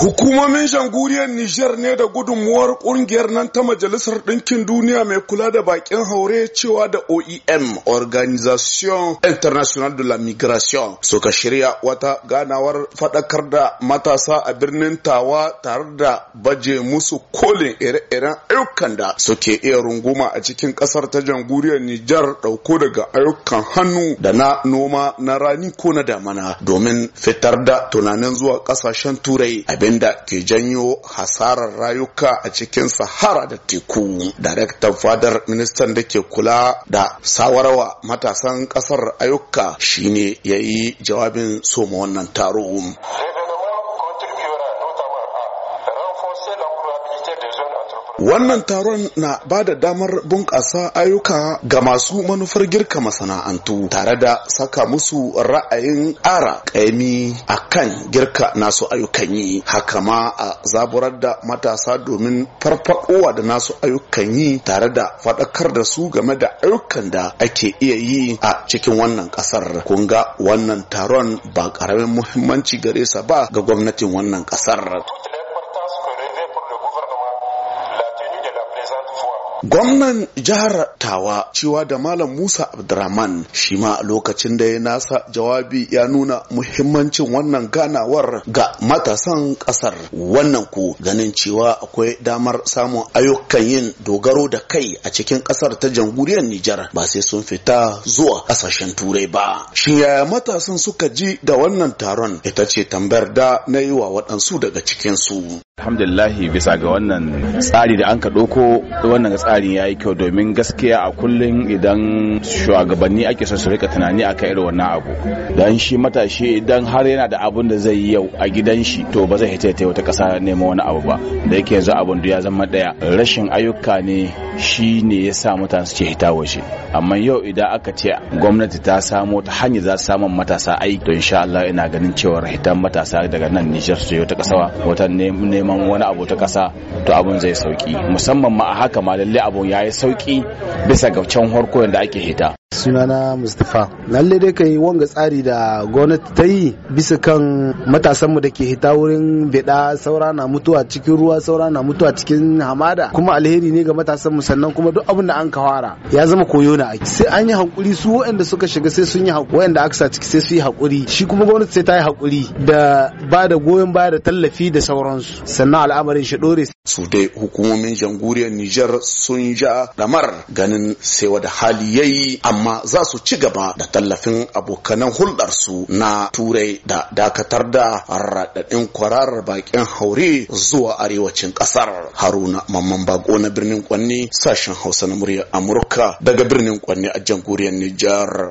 Hukumomin janguriyar Nijar ne da gudunmuwar kungiyar nan ta Majalisar Ɗinkin Duniya mai kula da bakin haure cewa da OEM Organisation International de la Migration suka shirya wata ganawar faɗakar da matasa a birnin Tawa tare da baje musu kolin ire-iren ayyukan da suke iya runguma a cikin ƙasar ta janguriyar Nijar ɗauko daga ayyukan hannu da na noma na rani ko na damana domin fitar da tunanin zuwa ƙasashen Turai abinda ke janyo hasarar rayuka a cikin sahara da teku daraktan fadar ministan da ke kula da sawarwa matasan kasar ayuka shine ya yi jawabin soma wannan taro Wannan taron na ba da damar bunƙasa ayyuka ga masu manufar girka masana'antu tare da saka musu ra'ayin ƙara ƙaimi a kan girka nasu ayyukan yi. Haka ma a zaburar da matasa domin farfaƙowa da nasu ayyukan yi tare da faɗakar da su game da ayyukan da ake iya yi a cikin wannan ƙasar. Kun ga wannan taron ba ƙaramin muhimmanci gare sa ba ga gwamnatin wannan ƙasar. Gwamnan jihar Tawa cewa da Malam Musa Abdurrahman shi ma lokacin da ya nasa jawabi ya nuna muhimmancin wannan ganawar ga matasan kasar wannan ku ganin cewa akwai damar samun ayyukan yin dogaro da kai a cikin kasar ta jamhuriyar Nijar ba sai sun fita zuwa ƙasashen turai ba. Shin yaya matasan suka ji da wannan taron ita ce tambayar da na yi wa waɗansu daga cikinsu. alhamdulillah bisa ga wannan tsari da an ka ɗauko wannan tsarin ya yi kyau domin gaskiya a kullum idan shugabanni ake son su rika tunani a irin wannan abu don shi matashi idan har yana da abun da zai yi yau a gidan shi to ba zai hita ta wata ƙasa neman wani abu ba da yake yanzu abun da ya zama ɗaya rashin ayyuka ne shi ne ya sa mutane suke hita waje amma yau idan aka ce gwamnati ta samo ta hanyar za su samu matasa aiki to insha Allah ina ganin cewa hitan matasa daga nan Nijar su ta kasa wata neman wani abu ta kasa to abun zai sauki musamman ma a haka ma lalle abun yayi sauki bisa ga can harkokin da ake hita sunana mustapha lalle dai kai wanga tsari da gwamnati ta yi bisa kan matasanmu da ke hita wurin beda saura na mutuwa cikin ruwa saura na mutuwa cikin hamada kuma alheri ne ga matasanmu sannan kuma duk abin da an kawara ya zama koyo na aiki sai an yi hakuri su waɗanda suka shiga sai sun yi hakuri waɗanda aka sa ciki sai su yi hakuri shi kuma gwamnati sai ta yi hakuri da ba da goyon baya da tallafi da sauransu sannan al'amarin shi dore su dai hukumomin janguriyar Nijar sun ja damar ganin sai wada hali yayi amma za su ci gaba da tallafin abokanan hulɗarsu na turai da dakatar da raɗaɗin kwararar baƙin haure zuwa arewacin ƙasar haruna mamman bako na birnin kwanni sashen hausa na murya amurka daga birnin kwanni a janguriyar Nijar.